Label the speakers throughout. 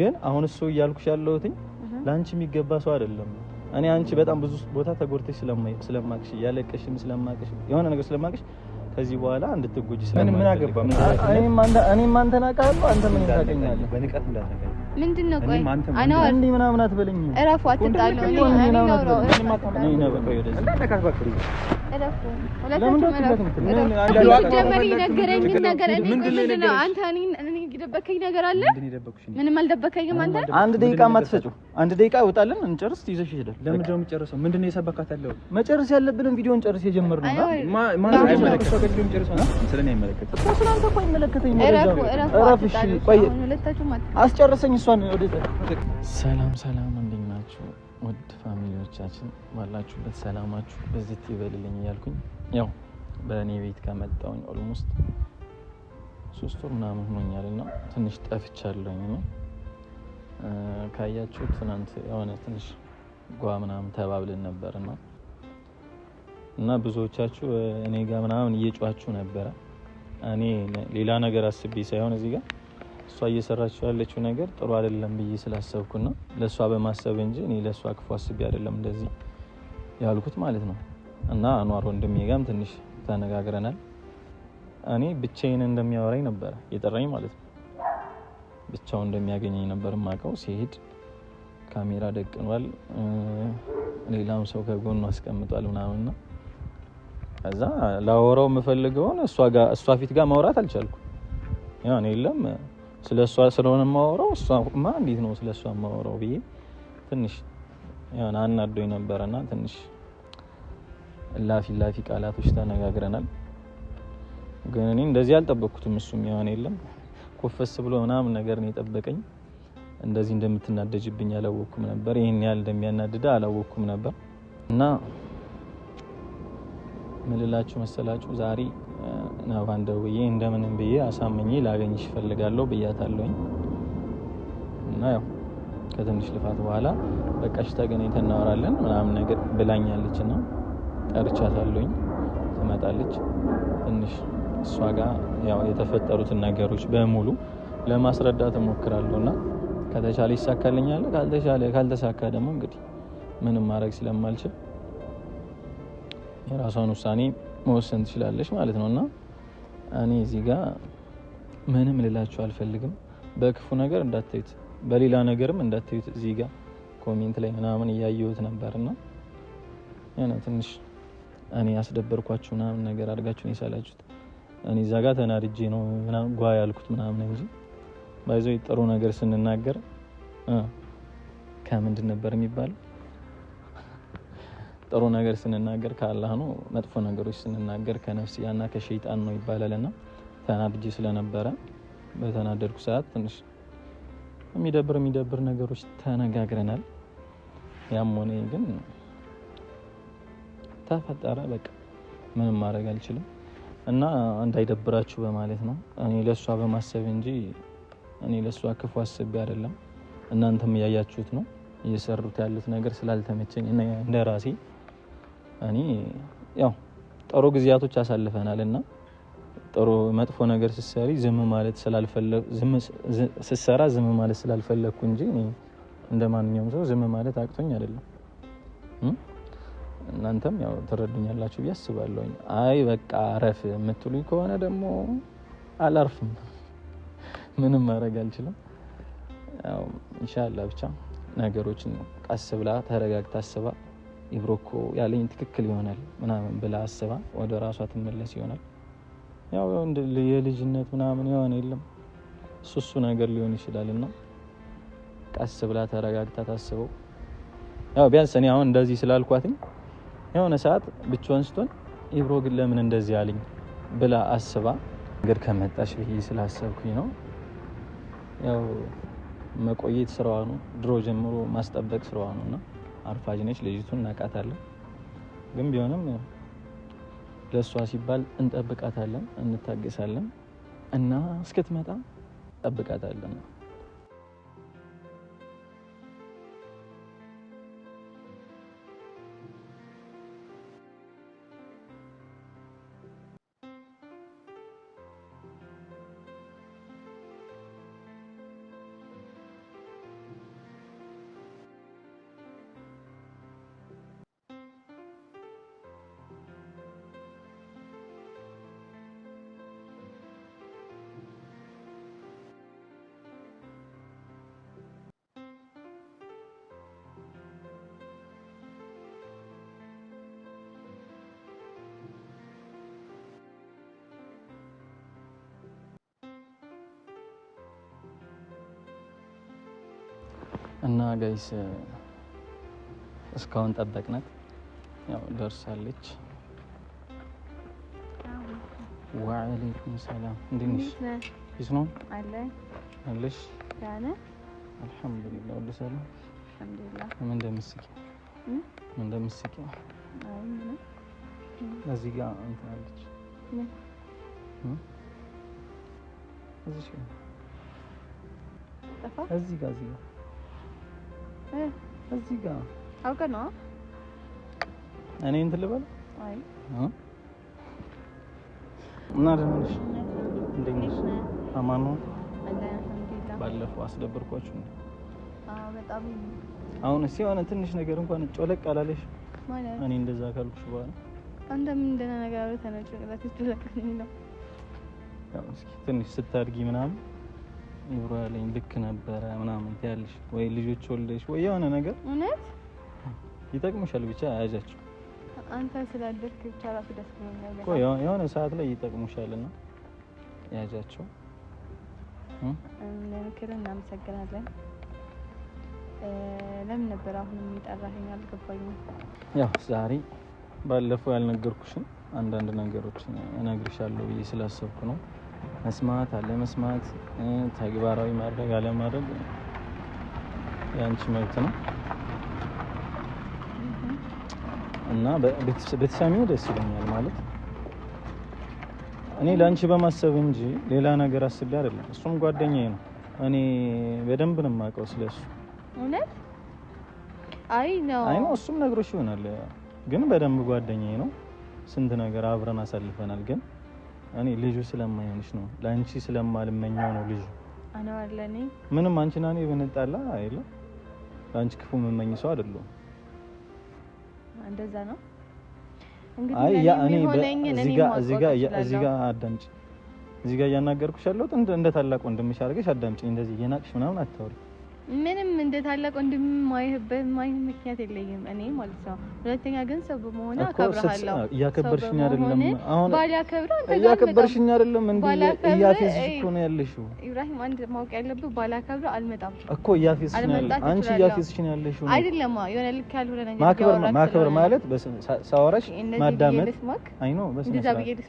Speaker 1: ግን አሁን እሱ እያልኩሽ ያለሁትኝ ለአንቺ የሚገባ ሰው አይደለም። እኔ አንቺ በጣም ብዙ ቦታ ተጎድተሽ ስለማቅሽ እያለቀሽም ስለማቅሽ የሆነ ነገር ስለማቅሽ ከዚህ በኋላ እንድትጎጂ ስለምን ምን አገባ
Speaker 2: እኔም አንተን አውቃለሁ። አንተ ምን ታገኛለህ?
Speaker 1: በንቀት እንዳታገኝ
Speaker 3: ምንድን ነው? ቆይ
Speaker 2: እንዲህ ምናምን አትበለኝ።
Speaker 3: እረፉ፣ አትጣሉ። እኔ ነገር የደበከኝ ነገር አለ?
Speaker 1: ምንም አልደበከኝም። አንተ
Speaker 2: አንድ ደቂቃ ማትፈጩ አንድ ደቂቃ ይወጣልን እንጨርስ፣ ይዘሽ ይሄዳል።
Speaker 1: ለምን ደው የምጨርሰው? ምንድን ነው የሰበካት ያለው?
Speaker 2: መጨረስ ያለብንን ቪዲዮን ጨርስ። የጀመርነው
Speaker 1: ማን አይመለከተው ስለኔ አይመለከተው
Speaker 3: እኮ ስለአንተ እኮ አይመለከተኝ። እረፍ እሺ። ቆይ
Speaker 2: አስጨርሰኝ እሷን ወደ ሰላም ሰላም፣ እንዴት ናችሁ ውድ ፋሚሊዎቻችን? ባላችሁበት ሰላማችሁ በዚህ ይበልልኝ እያልኩኝ ያው በእኔ ቤት ከመጣሁኝ ኦልሞስት ሶስት ወር ምናምን ሆኖኛል እና ትንሽ ጠፍቻለሁኝ ነው ካያችሁ ትናንት የሆነ ትንሽ ጓ ምናምን ተባብልን ነበር ና እና ብዙዎቻችሁ እኔ ጋር ምናምን እየጫችሁ ነበረ። እኔ ሌላ ነገር አስቤ ሳይሆን እዚህ ጋር እሷ እየሰራችው ያለችው ነገር ጥሩ አይደለም ብዬ ስላሰብኩና ለእሷ በማሰብ እንጂ እኔ ለእሷ ክፉ አስቤ አይደለም እንደዚህ ያልኩት ማለት ነው። እና አኗር ወንድሜ ጋርም ትንሽ ተነጋግረናል። እኔ ብቻዬን እንደሚያወራኝ ነበረ የጠራኝ ማለት ነው። ብቻው እንደሚያገኘኝ ነበር የማውቀው። ሲሄድ ካሜራ ደቅኗል፣ ሌላም ሰው ከጎኑ አስቀምጧል ምናምንና ከዛ ላወራው የምፈልገውን እሷ ፊት ጋር ማውራት አልቻልኩም። ያን የለም ስለ እሷ ስለሆነ የማወራው እሷማ እንዴት ነው ስለ እሷ የማወራው ብዬ ትንሽ አናዶኝ ነበረና ትንሽ ላፊ ላፊ ቃላቶች ተነጋግረናል። ግን እኔ እንደዚህ አልጠበቅኩትም። እሱም የሆነ የለም ኮፈስ ብሎ ምናምን ነገር ነው የጠበቀኝ። እንደዚህ እንደምትናደጅብኝ አላወቅኩም ነበር። ይህን ያህል እንደሚያናድደ አላወቅኩም ነበር። እና ምልላችሁ መሰላችሁ ዛሬ ናባ እንደውዬ እንደምንም ብዬ አሳምኜ ላገኝሽ እፈልጋለሁ ብያታለሁኝ። እና ያው ከትንሽ ልፋት በኋላ በቃሽ ተገናኝተን እናወራለን ምናምን ነገር ብላኛለች እና ጠርቻታለሁኝ። ትመጣለች ትንሽ እሷ ጋር ያው የተፈጠሩትን ነገሮች በሙሉ ለማስረዳት እሞክራለሁ እና ከተቻለ ይሳካልኛል፣ ካልተቻለ ካልተሳካ ደግሞ እንግዲህ ምንም ማድረግ ስለማልችል የራሷን ውሳኔ መወሰን ትችላለች ማለት ነው እና እኔ እዚህ ጋር ምንም ልላችሁ አልፈልግም። በክፉ ነገር እንዳታዩት፣ በሌላ ነገርም እንዳታዩት። እዚህ ጋር ኮሜንት ላይ ምናምን እያየሁት ነበርና ትንሽ እኔ ያስደበርኳችሁ ምናምን ነገር አድርጋችሁን የሳላችሁት እኔ እዛ ጋር ተናድጄ ነው ጓ ያልኩት ምናምን እንጂ ባይዞ ጥሩ ነገር ስንናገር ከምንድን ነበር የሚባለው? ጥሩ ነገር ስንናገር ከአላህ ነው፣ መጥፎ ነገሮች ስንናገር ከነፍስያና ከሸይጣን ነው ይባላል። እና ተናድጄ ስለነበረ በተናደድኩ ሰዓት ትንሽ የሚደብር የሚደብር ነገሮች ተነጋግረናል። ያም ሆነ ግን ተፈጠረ። በቃ ምንም ማድረግ አልችልም። እና እንዳይደብራችሁ በማለት ነው። እኔ ለእሷ በማሰብ እንጂ እኔ ለእሷ ክፉ አስቤ አይደለም። እናንተም እያያችሁት ነው። እየሰሩት ያሉት ነገር ስላልተመቸኝ እንደ ራሴ እኔ ያው ጥሩ ጊዜያቶች አሳልፈናል እና ጥሩ መጥፎ ነገር ስሰሪ ዝም ማለት ስሰራ ዝም ማለት ስላልፈለግኩ እንጂ እንደ ማንኛውም ሰው ዝም ማለት አቅቶኝ አይደለም። እናንተም ያው ትረዱኛላችሁ ብዬ አስባለሁኝ። አይ በቃ አረፍ የምትሉኝ ከሆነ ደግሞ አላርፍም፣ ምንም ማድረግ አልችልም። ኢንሻላ ብቻ ነገሮችን ቀስ ብላ ተረጋግታ አስባ ኢብሮኮ ያለኝ ትክክል ይሆናል ምናምን ብላ አስባ ወደ ራሷ ትመለስ ይሆናል። ያው የልጅነት ምናምን የሆነ የለም እሱ እሱ ነገር ሊሆን ይችላል እና ቀስ ብላ ተረጋግታ ታስበው ያው ቢያንስ እኔ አሁን እንደዚህ ስላልኳትኝ የሆነ ሰዓት ብቻዋን ስትሆን ኢብሮ ግን ለምን እንደዚህ አለኝ ብላ አስባ ነገር ከመጣች ብዬ ስላሰብኩኝ ነው። ያው መቆየት ስራዋ ነው፣ ድሮ ጀምሮ ማስጠበቅ ስራዋ ነው እና አርፋጅ ነች ልጅቱን እናውቃታለን። ግን ቢሆንም ለእሷ ሲባል እንጠብቃታለን፣ እንታገሳለን እና እስክትመጣ እንጠብቃታለን። እና ጋይስ እስካሁን ጠበቅናት፣ ያው ደርሳለች። ወአለይኩም ሰላም። እንዴት ነሽ? ፊስ ነው አለሽ? አልሐምዱሊላህ። ወደ ሰላም ምን እንደምስቂ ምን እንደምስቂ እዚህ ጋር እንትን አለች እዚህ ጋር እዚህ ጋር እዚህ ጋር አውቀህ ነው እኔ እንትን ልበል። አይ እና ደህና ነሽ? እንዴት ነሽ? አማን ነው። ባለፈው አስደብርኳችሁ ነው? አዎ በጣም። አሁን እስኪ የሆነ ትንሽ ነገር እንኳን ጮለቅ አላለሽ? ማለት እኔ እንደዛ ካልኩሽ በኋላ
Speaker 3: አንተ ምን እንደነ ነገር አውርተህ ነው ጮለቅ ነው?
Speaker 2: ትንሽ ስታድጊ ምናምን ይብሮ ያለኝ ልክ ነበረ ምናምን ትያለሽ ወይ ልጆች ወልደሽ ወይ የሆነ ነገር እውነት ይጠቅምሻል። ብቻ ያዣቸው
Speaker 3: አንተ ስላደርክ ብቻ ራሱ ደስ ብሎኛል።
Speaker 2: የሆነ ሰዓት ላይ ይጠቅሙሻል እና ያዣቸው።
Speaker 3: ለምክር እናመሰግናለን። ለምን ነበር አሁን የሚጠራኸኝ? አልገባኝም።
Speaker 2: ያው ዛሬ ባለፈው ያልነገርኩሽን አንዳንድ ነገሮችን እነግርሻለሁ ብዬ ስላሰብኩ ነው መስማት አለመስማት፣ ተግባራዊ ማድረግ አለማድረግ የአንቺ መብት ነው እና ቤተሰሚው ደስ ይለኛል ማለት እኔ ለአንቺ በማሰብ እንጂ ሌላ ነገር አስቤ አይደለም። እሱም ጓደኛዬ ነው። እኔ በደንብ ነው የማውቀው ስለሱ።
Speaker 3: እውነት? አይ ነው
Speaker 2: አይ ነው። እሱም ነግሮሽ ይሆናል፣ ግን በደንብ ጓደኛዬ ነው። ስንት ነገር አብረን አሳልፈናል ግን እኔ ልጁ ስለማይሆንሽ ነው፣ ለአንቺ ስለማልመኛው ነው ልጁ። አነዋር ለእኔ ምንም አንቺና እኔ ብንጣላ አይደለም ለአንቺ ክፉ የምመኝ ሰው አይደለሁም። እንደዛ ነው እንግዲህ። አዳምጪ፣ እዚህ ጋር እያናገርኩሽ ያለሁት እንደ ታላቅ ወንድምሽ አድርገሽ አዳምጪ። እንደዚህ እየናቅሽ ምናምን አታውሪ
Speaker 3: ምንም እንደ ታላቅ ወንድም ማይህበት ማይህ ምክንያት የለኝም እኔ ማለት ነው። ሁለተኛ ግን ሰው በመሆነ
Speaker 2: አከብርሃለሁ። እያከበርሽኝ አይደለም፣
Speaker 3: አሁን ባላከብር
Speaker 2: እያከበርሽኝ አይደለም። እንዴ እያፌዝሽ እኮ ነው ያለሽው።
Speaker 3: ኢብራሂም አንድ ማወቅ ያለብህ ባላከብር አልመጣም
Speaker 2: እኮ እያፌዝሽኝ ያለሽ አንቺ እያፌዝሽኝ ያለሽው
Speaker 3: አይደለም። የሆነ ልክ ያልሆነ
Speaker 2: ነገር ማክበር ማክበር ማለት ሳወራሽ ማዳመጥ አይ ነው በስነ ስርዓት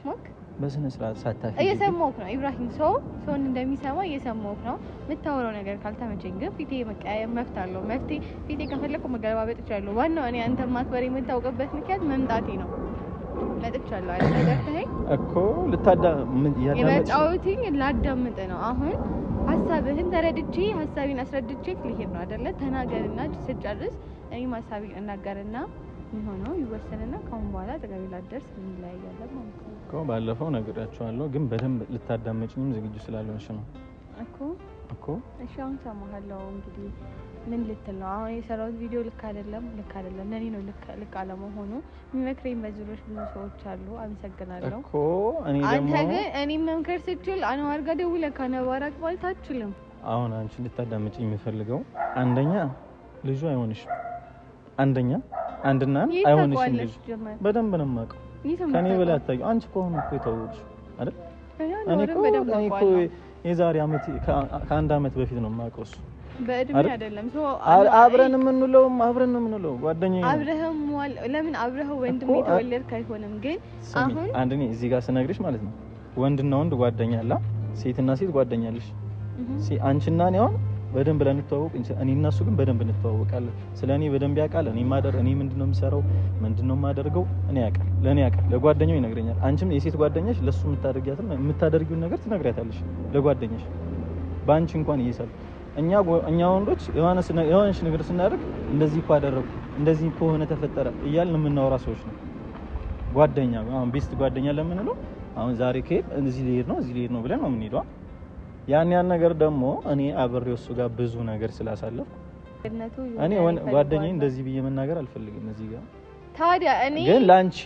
Speaker 2: በስነ ስርዓት ሳታፊ
Speaker 3: እየሰማሁህ ነው ኢብራሂም። ሰው ሰውን እንደሚሰማ እየሰማሁህ ነው። የምታወራው ነገር ካልተመቸኝ ግን ፊቴ መቀያየም መፍት አለው። መፍትሄ ፊቴ ከፈለኩ መገለባበጥ እችላለሁ። ዋናው እኔ አንተ ማክበር የምታውቅበት ምክንያት መምጣቴ ነው። መጥቻለሁ አይደል? እኮ ላዳምጥ ነው። አሁን ሀሳብህን ተረድቼ አስረድቼ ልሄድ ነው አይደለ? ተናገርና ስጨርስ እኔም እናገርና የሚሆነው ይወሰንና ከአሁን በኋላ ጠገቤ ላደርስ እንለያያለን ማለት
Speaker 2: ነው ባለፈው ነግሬያቸዋለሁ፣ ግን በደንብ ልታዳመጭኝም ዝግጁ ስላልሆንሽ ነው እኮ እኮ።
Speaker 3: እሺ አሁን ሰማሃለው። እንግዲህ ምን ልትል ነው አሁን? የሰራሁት ቪዲዮ ልክ አይደለም፣ ልክ አይደለም ለእኔ ነው ልክ አለመሆኑ የሚመክረኝ በዙሮች ብዙ ሰዎች አሉ። አመሰግናለሁ
Speaker 2: እኮ እኔ
Speaker 3: ደግሞ አንተ ግን እኔ መምከር አንዋር ጋር ደውለህ ከነባራቅ ማለት
Speaker 2: አሁን አንቺ ልታዳመጭኝ የሚፈልገው አንደኛ ልጁ አይሆንሽም፣ አንደኛ አንድና አይሆንሽም። ልጅ በደንብ ነው የማውቀው። ከኔ በላይ አታውቂው። አንቺ እኮ አሁን እኮ የተዋወቅሽው አይደል? እኔ እኮ የዛሬ አመት ከአንድ አመት በፊት ነው የማውቀው እሱ
Speaker 3: በእድሜ አይደለም።
Speaker 2: አብረን የምንውለውም አብረን ነው የምንውለው። ጓደኛዬ
Speaker 3: አብረህም ለምን አብረህ ወንድም የተወለድክ አይሆንም። ግን
Speaker 2: አሁን አንድ እኔ እዚህ ጋር ስነግርሽ ማለት ነው ወንድና ወንድ ጓደኛ አላ ሴትና ሴት ጓደኛለሽ። አንቺና እኔ አሁን በደንብ ላንተዋወቅ፣ እኔ እና እሱ ግን በደንብ እንተዋወቃለን። ስለ እኔ በደንብ ያውቃል። እኔ ማደር እኔ ምንድነው የምሰራው ምንድነው የማደርገው እኔ ያውቃል፣ ለእኔ ያውቃል፣ ለጓደኛው ይነግረኛል። አንቺም የሴት ጓደኛሽ ለእሱ የምታደርጊያትን የምታደርጊውን ነገር ትነግሪያታለሽ ለጓደኛሽ። በአንቺ እንኳን ይይሳል። እኛ እኛ ወንዶች የሆነች ነገር ስናደርግ እንደዚህ እኮ አደረግኩ እንደዚህ ከሆነ ተፈጠረ እያልን የምናወራ ሰዎች ነው። ጓደኛ ቤስት ጓደኛ ለምንለው አሁን ዛሬ ከሄድ እዚህ ሊሄድ ነው እዚህ ሊሄድ ነው ብለን ነው የምንሄደዋ ያን ያን ነገር ደግሞ እኔ አብሬው እሱ ጋር ብዙ ነገር ስላሳለፍኩ እኔ ወን ጓደኛዬ እንደዚህ ብዬ መናገር አልፈልግም እዚህ ጋር ታዲያ እኔ ግን ላንቺ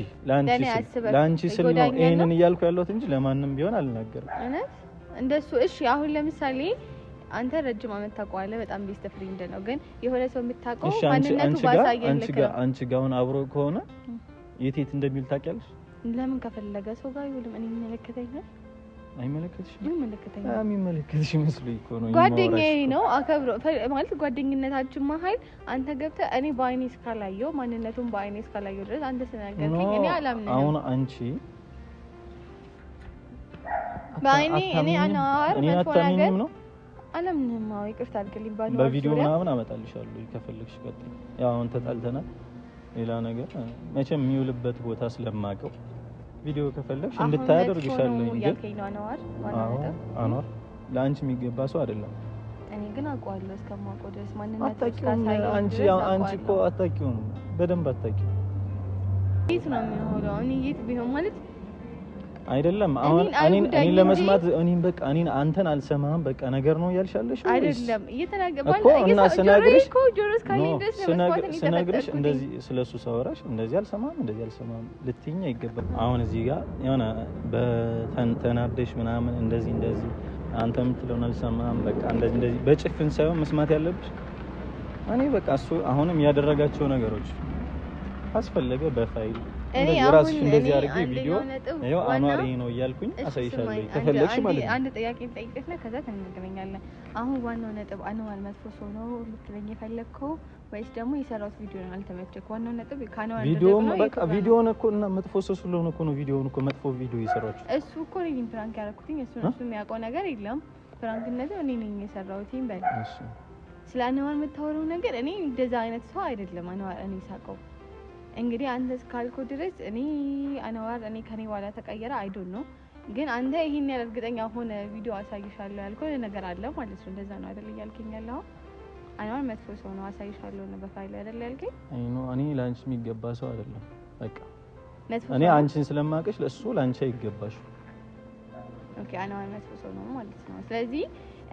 Speaker 2: ላንቺ ስል ነው ይሄንን እያልኩ ያለሁት እንጂ ለማንም ቢሆን አልናገርም።
Speaker 3: እንደሱ እሺ። አሁን ለምሳሌ አንተ ረጅም አመት ታውቀዋለህ፣ በጣም ቤስት ፍሬንድ ነው። ግን የሆነ ሰው የምታውቀው
Speaker 2: ማንነቱ ባሳየን ልክ ነው። አንቺ ጋር አሁን አብሮ ከሆነ የት የት እንደሚል ታውቂያለሽ።
Speaker 3: ለምን ከፈለገ ሰው ጋር ይሁን እኔ የሚመለከተኝ የሚመለከትሽ
Speaker 2: መስሎኝ እኮ ነው።
Speaker 3: ጓደኛዬ ነው አከብረው ማለት ጓደኝነታችን መሀል አንተ ገብተህ እኔ በአይኔ እስካላየው ማንነቱን በአይኔ ድረስ አንተ
Speaker 2: እኔ አላምንም። አሁን አንቺ
Speaker 3: በአይኔ ይቅርታ አድርግልኝ።
Speaker 2: በቪዲዮ ምናምን አመጣልሻለሁ ከፈለግሽ። ያው አሁን ተጣልተናል። ሌላ ነገር መቼም የሚውልበት ቦታ ስለማቀው ቪዲዮ ከፈለግሽ እንድታይ አደርግሻለሁ። አኗር ለአንቺ የሚገባ ሰው አይደለም።
Speaker 3: እኔ ግን አውቀዋለሁ። እስከማውቀው ድረስ
Speaker 2: ማንነት አንቺ እኮ አታውቂውም፣ በደንብ አታውቂውም።
Speaker 3: የት ነው የሚሆነው? እኔ የት ቢሆን ማለት
Speaker 2: አይደለም አሁን እኔን እኔን ለመስማት እኔን በቃ እኔን አንተን አልሰማህም በቃ ነገር ነው እያልሻለሽ አይደለም እኮ እና ስነግርሽ ስነግርሽ እንደዚህ ስለሱ ሳወራሽ እንደዚህ አልሰማህም እንደዚህ አልሰማህም ልትይኝ አይገባም አሁን እዚህ ጋር የሆነ በተናደሽ ምናምን እንደዚህ እንደዚህ አንተ የምትለውን አልሰማህም በቃ እንደዚህ እንደዚህ በጭፍን ሳይሆን መስማት ያለብሽ እኔ በቃ እሱ አሁንም ያደረጋቸው ነገሮች አስፈለገ በፋይል ራስሽ እንደዚህ አድርጌ ቪዲዮ ይኸው አኗር ነው እያልኩኝ አሳይሻለሁ። ከፈለግሽ ማለት
Speaker 3: አንድ ጥያቄ እንጠይቅና ከዛ ተንገናኛለን። አሁን ዋናው ነጥብ አኗር መጥፎ ሰው ነው ልትለኝ የፈለግከው ወይስ ደግሞ የሰራሁት ቪዲዮ ነው አልተመቸክ? ዋናው ነጥብ ከአኗር
Speaker 2: ቪዲዮም በቃ ቪዲዮውን እኮ እና መጥፎ ሰው ስለሆነ እኮ ነው ቪዲዮውን እኮ መጥፎ ቪዲዮ የሰራችሁ
Speaker 3: እሱ እኮ ነው ፕራንክ ያደረኩትኝ። እሱ እሱ የሚያውቀው ነገር የለም። ፕራንክ እንደዚህ እኔ ነኝ የሰራሁትኝ። በል ስለ አኗር የምታወራው ነገር እኔ እንደዛ አይነት ሰው አይደለም አኗር እኔ ሳውቀው እንግዲህ አንተ እስካልኩ ድረስ እኔ አነዋር እኔ ከኔ በኋላ ተቀየረ አይዶን ነው። ግን አንተ ይሄን ያህል እርግጠኛ ሆነ ቪዲዮ አሳይሻለሁ ያልከው ነገር አለ ማለት ነው። እንደዛ ነው አይደል እያልከኝ ያለው? አነዋር መጥፎ ሰው ነው አሳይሻለሁ ነው በፋይል አይደል ያልከኝ?
Speaker 2: አይ ነው እኔ ላንቺ የሚገባ ሰው አይደለም። በቃ እኔ አንቺን ስለማቀሽ ለሱ ላንቺ አይገባሽ።
Speaker 3: ኦኬ አነዋር መጥፎ ሰው ነው ማለት ነው። ስለዚህ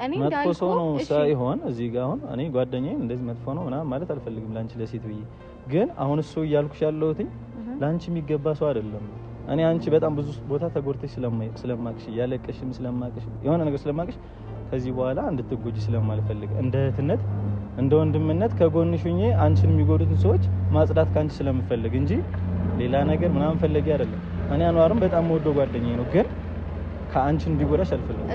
Speaker 3: እኔ
Speaker 2: መጥፎ ሰው ነው ሳይሆን እዚህ ጋር አሁን እኔ ጓደኛዬ እንደዚህ መጥፎ ነው ምናምን ማለት አልፈልግም ላንቺ ለሴት ብዬ ግን አሁን እሱ እያልኩሽ ያለሁትኝ ለአንቺ የሚገባ ሰው አይደለም። እኔ አንቺ በጣም ብዙ ቦታ ተጎድተሽ ስለማቅሽ እያለቀሽም ስለማቅሽ የሆነ ነገር ስለማቅሽ ከዚህ በኋላ እንድትጎጂ ስለማልፈልግ እንደ እህትነት እንደ ወንድምነት ከጎንሽ ሁኜ አንቺን የሚጎዱትን ሰዎች ማጽዳት ከአንቺ ስለምፈልግ እንጂ ሌላ ነገር ምናምን ፈለጊ አይደለም። እኔ አኗርም በጣም ወዶ ጓደኛዬ ነው ግን ከአንቺ እንዲጎዳሽ አልፈልግም።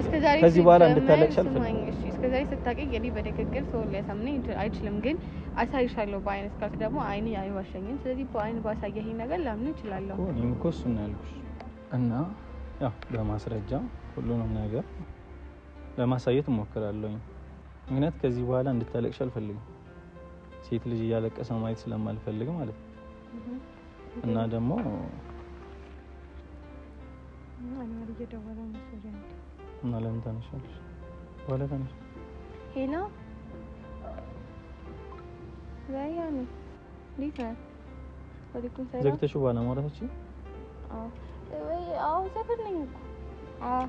Speaker 2: ከዚህ በኋላ እንድታለቅሽ አልፈልግም።
Speaker 3: እስከዛሬ ስታውቂኝ እኔ በንግግር ሰው ሊያሳምነኝ አይችልም፣ ግን አሳይሻለሁ። በአይን እስካልክ ደግሞ አይኔ አይዋሸኝም። ስለዚህ በአይን ባሳየኸኝ ነገር ላምን እችላለሁ።
Speaker 2: እኔም እኮ እሱን ነው ያልኩሽ እና ያው በማስረጃ ሁሉንም ነገር ለማሳየት እሞክራለሁኝ። ምክንያት ከዚህ በኋላ እንድታለቅሽ አልፈልግም። ሴት ልጅ እያለቀሰ ማየት ስለማልፈልግ ማለት ነው እና ደግሞ
Speaker 3: አንዋር እየደወለ ነው። ሶሪያ
Speaker 2: እና ለምን ተነሻለሽ? በኋላ ተነሽ።
Speaker 3: ሄሎ ዛያን እንዴት ነህ? ወዲኩም ሰላም።
Speaker 2: ዘግተሽው በኋላ ማውራታችን?
Speaker 3: አዎ ወይ አዎ፣ ሰፈር ነኝ እኮ አዎ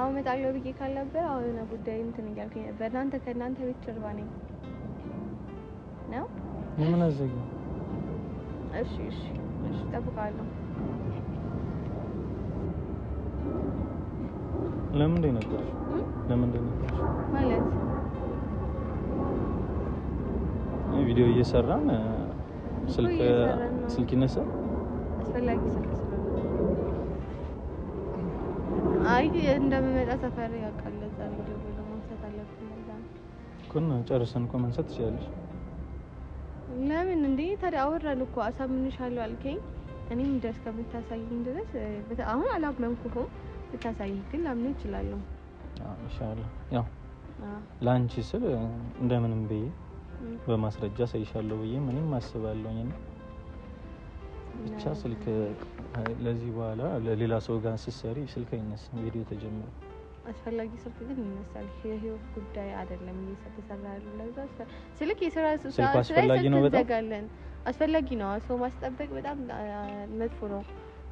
Speaker 3: አሁን እመጣለሁ ብዬ ካልነበር አሁን የሆነ ጉዳይ እንትን እያልኩኝ ነበር። እናንተ ከእናንተ ቤት ጀርባ ነኝ ነው። ምን አዘገኝ? እሺ እሺ እሺ፣ እጠብቃለሁ።
Speaker 2: ለምን ደነገጥሽ? ለምን ደነገጥሽ? ማለት ቪዲዮ እየሰራን ስልክ ስልክ ይነሳል።
Speaker 3: አስፈላጊ ስልክ አይ እንደምመጣ ሰፈር ያውቃል።
Speaker 2: ቪዲዮ ጨርሰን እኮ
Speaker 3: ለምን እንዴ ታዲያ አወራለሁ እኮ አሳምንሻለሁ አልከኝ። እኔም ደስ ከምታሳይኝ ድረስ አሁን አላመንኩህም። ብታሳይ ግን ላምን ይችላለሁ።
Speaker 2: ኢንሻላህ ያው ስል እንደምንም ብዬ በማስረጃ ሳይሻለው ብዬ ምንም አስባለሁኝ። ብቻ ስልክ ለዚህ በኋላ ለሌላ ሰው ጋር ስትሰሪ ስልክ አይነሳም። ቪዲዮ ተጀመረ
Speaker 3: አስፈላጊ ስልክ ግን ይነሳል። የህይወት ጉዳይ አይደለም እየተሰራ ስልክ የስራ ስልክ አስፈላጊ ነው፣ በጣም አስፈላጊ ነው። ሰው ማስጠበቅ በጣም መጥፎ ነው።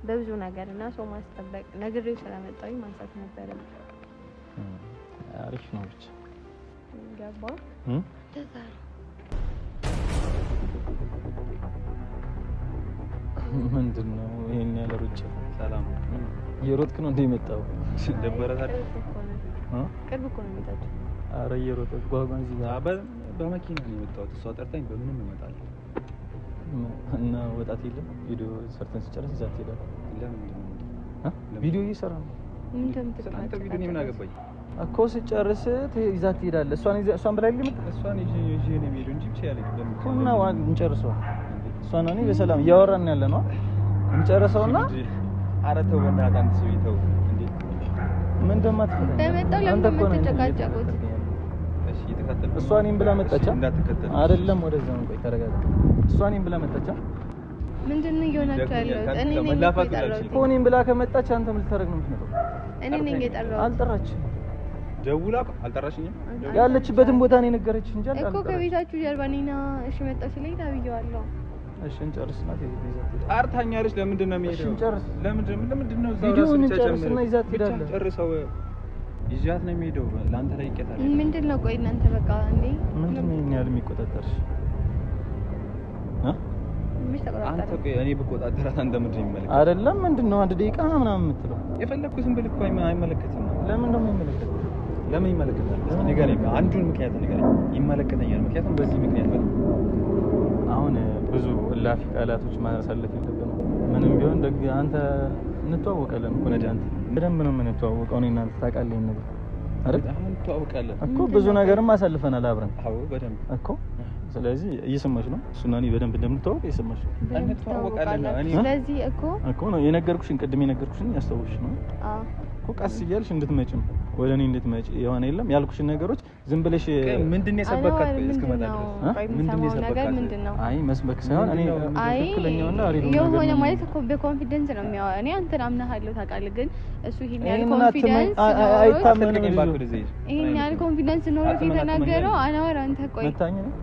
Speaker 3: በብዙ ነገር እና ሰው ማስጠበቅ ነግሬው ስለመጣሁኝ ማንሳት ነበረ። አሪፍ ነው ብቻ ገባ
Speaker 2: ምንድን ነው ይሄን ያለ ሩጫ? ሰላም እየሮጥክ ነው እንደ የመጣው
Speaker 1: ደበረ ታዲያ።
Speaker 3: ቅርብ እኮ ነው ቤታችሁ።
Speaker 2: ኧረ እየሮጠ
Speaker 1: በመኪና ነው የመጣሁት። እሷ ጠርታኝ በምንም እመጣለሁ
Speaker 2: እና ወጣት የለም። ቪዲዮ ሰርተን ስጨርስ እዛ ትሄዳለህ። ቪዲዮ እየሰራ ነው።
Speaker 1: ቪዲዮ ምን አገባኝ
Speaker 2: እኮ ስጨርስ ይዛት ትሄዳለህ። እሷን ብላ እንጨርሰው። እሷን እኔ በሰላም እያወራን ያለ ነው። እንጨርሰውና
Speaker 1: ኧረ ተው በእናትህ አንተ ሰውዬ ተው።
Speaker 2: ምን እንደማትፈታ
Speaker 3: በመጣው ለምን እንደምትጨቃጨቁት
Speaker 2: እሷ እኔም ብላ መጣች አይደለም? ወደዛ ነው። ቆይ ተረጋጋ። እሷ እኔም ብላ መጣች።
Speaker 3: ምንድን ነው እየሆናችሁ እኔ
Speaker 2: እኔም ብላ ከመጣች አንተ ምን ልታደርግ ነው የምትመጣው?
Speaker 3: እኔ ነኝ የጠራሁት።
Speaker 2: አልጠራችም።
Speaker 1: ደውላ አልጠራሽኝም።
Speaker 2: ያለችበትን ቦታ ነው የነገረች እንጂ
Speaker 3: እኮ ከቤታችሁ ጀርባ እኔ ና እሺ መጣሁ ሲለኝ ታብዬዋለሁ።
Speaker 2: እሺ እንጨርስና
Speaker 1: ጠርታኛለች። ለምንድን ነው የሚሄደው? እንጨርስ። ለምንድን
Speaker 2: ነው እዛ
Speaker 1: ጨርሰው ይዟት ነው የሚሄደው። ለአንተ ላይ ይቀጣል።
Speaker 3: ምንድን ነው ቆይ እናንተ በቃ እንዴ
Speaker 2: ምንድን ነው ያህል የሚቆጣጠርሽ?
Speaker 1: አንተ ቆይ እኔ ብቆጣጠራት አንተ ምንድን ነው
Speaker 2: የሚመለከት አይደለም። ምንድን ነው አንድ ደቂቃ ምናምን የምትለው?
Speaker 1: የፈለኩትን ብል እኮ አይመለከትም።
Speaker 2: ለምን ደግሞ ይመለከታል? ለምን ይመለከታል?
Speaker 1: ንገረኝ፣ አንዱን ምክንያት ንገረኝ። ይመለከተኛል። ምክንያቱም በዚህ ምክንያት በቃ
Speaker 2: አሁን ብዙ እላፊ ቃላቶች ማሳለፍ የለብንም። ምንም ቢሆን ደግ አንተ እንተዋወቃለን እኮ ነዳንተ በደንብ ነው የምንተዋወቀው። እኔ እናንተ ታውቃለህ ነገር
Speaker 1: አይደል?
Speaker 2: እኮ ብዙ ነገርም አሳልፈናል አብረን። አዎ በደንብ እኮ ስለዚህ እየሰማሽ ነው። እሱና እኔ በደንብ እንደምንተዋወቅ እየሰማሽ ነው።
Speaker 3: ስለዚህ እኮ
Speaker 2: እኮ ነው የነገርኩሽን፣ ቅድም የነገርኩሽን ያስታውሽ ነው። አዎ ቀስ እያልሽ እንድትመጭም ወደ እኔ እንድትመጪ የሆነ የለም ያልኩሽን ነገሮች ዝም ብለሽ
Speaker 1: ምንድን ነው የሰበካት?
Speaker 3: እስክመጣ
Speaker 2: ድረስ አይ መስበክ ሳይሆን እኔ
Speaker 3: ትክክለኛውና የሆነ ማለት እኮ በኮንፊደንስ ነው የሚያወ እኔ አንተን አምናሃለሁ ታውቃለህ፣ ግን እሱ ይሄን ያህል ኮንፊደንስ
Speaker 2: አይታመንም።
Speaker 3: ይሄን ያህል ኮንፊደንስ ኖሮት የተናገረው አናወራ። አንተ ቆይ መታኝ ነው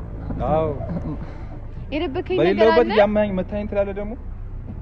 Speaker 3: የደበከኝ
Speaker 1: ነገር አለ። በሌለውበት እያመኸኝ መታኝ ትላለህ ደግሞ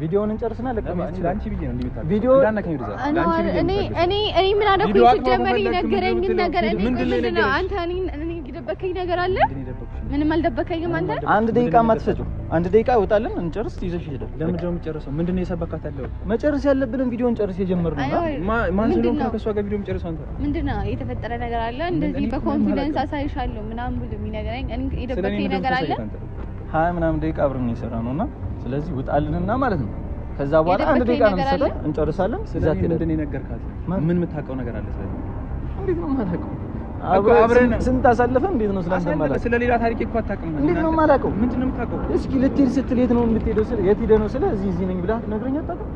Speaker 2: ቪዲዮውን እንጨርስና
Speaker 3: እኔ ምን ነገር አንተ ነገር አለ?
Speaker 2: አንድ ደቂቃ ማትሰጩ አንድ ደቂቃ ይወጣልን እንጨርስ፣ ይዘሽ ይሄዳል።
Speaker 1: ለምን ነው የምጨርሰው? ምንድን የሰበካት ያለው?
Speaker 2: መጨረስ ያለብንም ቪዲዮን ጨርስ። የጀመርነው
Speaker 1: ማን ስለሆንክ ነው ጋር ቪዲዮ የምጨርሰው? አንተ
Speaker 3: ምንድን የተፈጠረ ነገር አለ? እንደዚህ በኮንፊደንስ አሳይሻለሁ ምናምን ብሎ የሚነግረኝ
Speaker 2: የደበከኝ ነገር አለ? ሀያ ምናምን ደቂቃ አብረን የሰራነው እና ስለዚህ ውጣልንና ማለት ነው። ከዛ በኋላ አንድ ደቂቃ ነው የምትሰጠው፣ እንጨርሳለን።
Speaker 1: ስለዚህ ምንድን ነው የነገርካት? ምን የምታውቀው ነገር አለ? ስለዚህ
Speaker 2: እንዴት ነው የማታውቀው? አብረን ስንት አሳለፈ? እንዴት ነው
Speaker 1: ስላንደማላ ስለ ሌላ ታሪክ እኮ አታውቅም።
Speaker 2: እንዴት ነው የማላውቀው? ምንድን ነው የምታውቀው? እስኪ ልትሄድ ስትል የት ነው የምትሄደው? ስለ የት ሄደህ ነው? ስለ እዚህ እዚህ ነኝ ብላ ነግረኝ አታውቅም?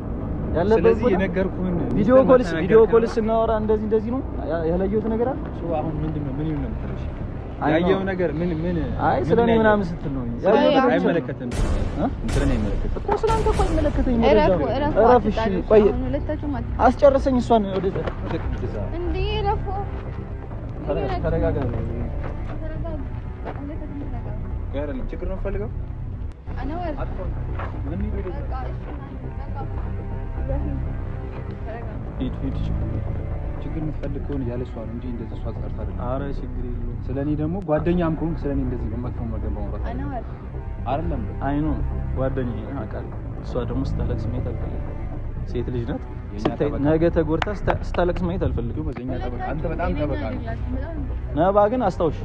Speaker 2: ያለበት ስለዚህ የነገርኩህን ቪዲዮ ኮልስ ቪዲዮ ኮልስ ስናወራ እንደዚህ እንደዚህ ነው ያላየሁት ነገር አለ።
Speaker 1: አሁን ምንድን ነው ምን ይሁን ነው የምትለው? እሺ ያየው ነገር ምን ምን?
Speaker 2: አይ ስለ ምናምን ስትል ነው።
Speaker 1: አይመለከተም
Speaker 3: እኮ ስለ አንተ እኮ አይመለከተኝ። እረፍ እሺ። ቆይ
Speaker 2: አስጨርሰኝ። እሷን ወደ
Speaker 1: ተረጋጋ። ችግር ነው ፈልገው ሂድ ሂድ ችግር የምትፈልግ ከሆነ ያለ እሷ ነው እንጂ እንደዚህ እሷ ጸርታ
Speaker 2: አይደለም። አረ ችግር የለውም።
Speaker 1: ስለ እኔ ደግሞ ጓደኛም ከሆንክ ስለ እኔ እንደዚህ መጥፎ ነገር በማውራት አይደለም።
Speaker 2: አይ ነው ጓደኛዬ አውቃለሁ። እሷ ደግሞ ስታለቅስ ማየት አልፈልግም። ሴት ልጅ ናት። ነገ ተጎድታ ስታለቅስ ማየት አልፈልግም።
Speaker 1: አንተ በጣም ጠበቃ ነው።
Speaker 2: ነባ ግን አስታውሽ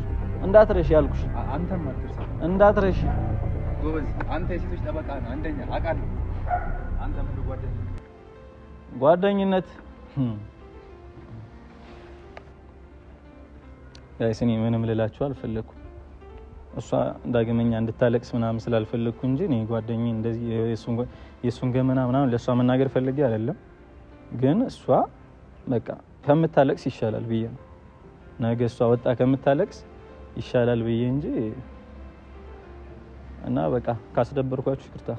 Speaker 2: እንዳትረሽ ያልኩሽ
Speaker 1: አንተ አትርሳ እንዳትረሽ ጎበዝ። አንተ የሴቶች ጠበቃ ነው አንደኛ አውቃለሁ። አንተ
Speaker 2: ጓደኝነት ጋይስ እኔ ምንም ልላችሁ አልፈለግኩም። እሷ ዳግመኛ እንድታለቅስ ምናምን ስላልፈለግኩ እንጂ እኔ ጓደኛዬ እንደዚህ የእሱን ገመና ምናምን ለእሷ መናገር ፈልጌ አይደለም። ግን እሷ በቃ ከምታለቅስ ይሻላል ብዬ ነው ነገ እሷ ወጣ ከምታለቅስ ይሻላል ብዬ እንጂ እና በቃ ካስደበርኳችሁ ይቅርታ።